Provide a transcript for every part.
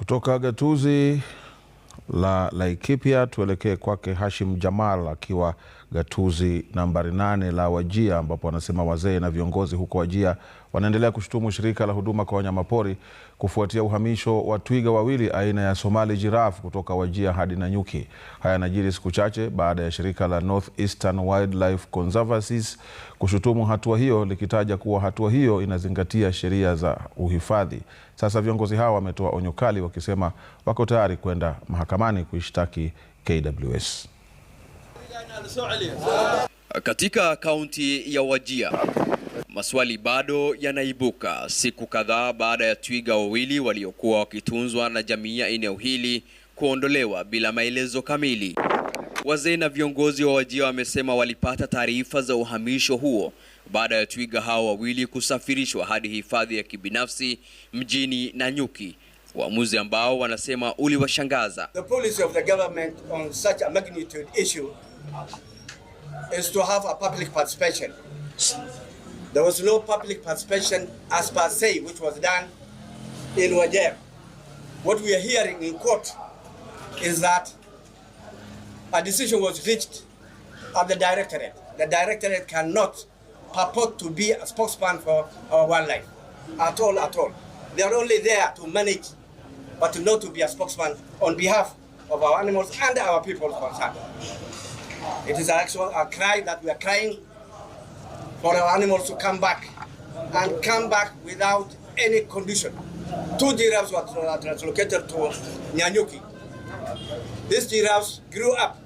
Kutoka gatuzi la Laikipia tuelekee kwake Hashim Jamal akiwa gatuzi nambari nane la Wajir ambapo wanasema wazee na viongozi huko Wajir wanaendelea kushutumu shirika la huduma kwa wanyamapori kufuatia uhamisho wa twiga wawili aina ya Somali giraffe kutoka Wajir hadi Nanyuki. Haya yanajiri siku chache baada ya shirika la North Eastern Wildlife Conservancies kushutumu hatua hiyo likitaja kuwa hatua hiyo inazingatia sheria za uhifadhi. Sasa viongozi hao wametoa onyo kali wakisema wako tayari kwenda mahakamani kuishtaki KWS. Katika kaunti ya Wajia, maswali bado yanaibuka siku kadhaa baada ya twiga wawili waliokuwa wakitunzwa na jamii ya eneo hili kuondolewa bila maelezo kamili. Wazee na viongozi wa Wajia wamesema walipata taarifa za uhamisho huo baada ya twiga hao wawili kusafirishwa hadi hifadhi ya kibinafsi mjini Nanyuki, uamuzi ambao wanasema uliwashangaza. is to have a public participation. There was no public participation as per se, which was done in Wajem. What we are hearing in court is that a decision was reached at the directorate. The directorate cannot purport to be a spokesman for our wildlife at all, at all. They are only there to manage, but not to be a spokesman on behalf of our animals and our people concerned. It is actually a cry that we are crying for our animals to come back and come back without any condition. Two giraffes were translocated to Nyanyuki. These giraffes grew up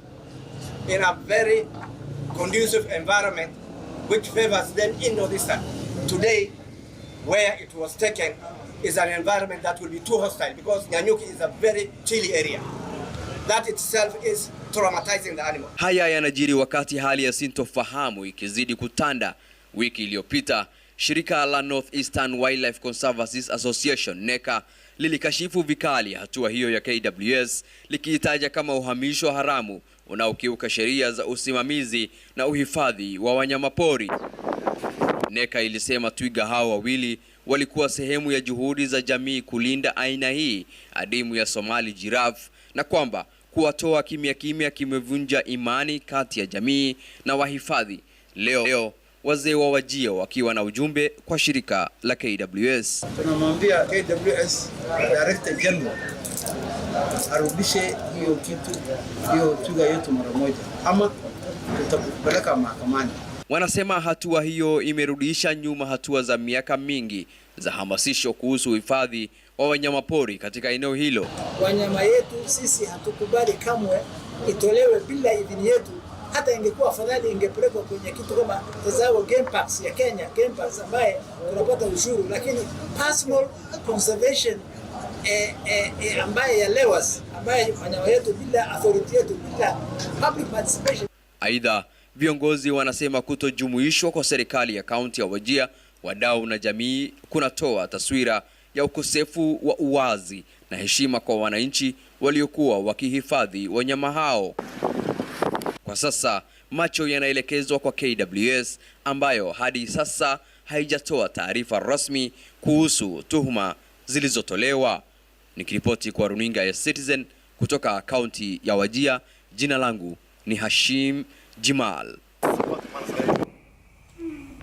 in a very conducive environment which favors them in Nordistan. Today, where it was taken is an environment that will be too hostile because Nyanyuki is a very chilly area. That itself is traumatizing the animal. Haya yanajiri wakati hali ya sintofahamu ikizidi kutanda. Wiki iliyopita shirika la North Eastern Wildlife Conservancies Association NECA lilikashifu vikali hatua hiyo ya KWS likiitaja kama uhamisho haramu unaokiuka sheria za usimamizi na uhifadhi wa wanyamapori. NECA ilisema twiga hao wawili walikuwa sehemu ya juhudi za jamii kulinda aina hii adimu ya Somali giraffe na kwamba kuwatoa kimya kimya kimevunja imani kati ya jamii na wahifadhi. Leo, leo wazee wa Wajir wakiwa na ujumbe kwa shirika la KWS. Tunamwambia KWS Director General arudishe hiyo kitu, hiyo twiga yetu mara moja, ama tutakupeleka mahakamani. Wanasema hatua hiyo imerudisha nyuma hatua za miaka mingi za hamasisho kuhusu uhifadhi wa wanyamapori katika eneo hilo. Wanyama yetu sisi hatukubali kamwe itolewe bila idhini yetu. Hata ingekuwa afadhali ingepelekwa kwenye kitu kama Tsavo Game Parks ya Kenya, Game Parks ambaye tunapata ushuru, lakini personal conservation eh, eh, eh, ambaye ya lewas ambaye wanyama yetu bila authority yetu bila public participation. Aidha, Viongozi wanasema kutojumuishwa kwa serikali ya kaunti ya Wajir, wadau na jamii kunatoa taswira ya ukosefu wa uwazi na heshima kwa wananchi waliokuwa wakihifadhi wanyama hao. Kwa sasa macho yanaelekezwa kwa KWS ambayo hadi sasa haijatoa taarifa rasmi kuhusu tuhuma zilizotolewa. Nikiripoti kwa runinga ya Citizen kutoka kaunti ya Wajir, jina langu ni Hashim Jimal.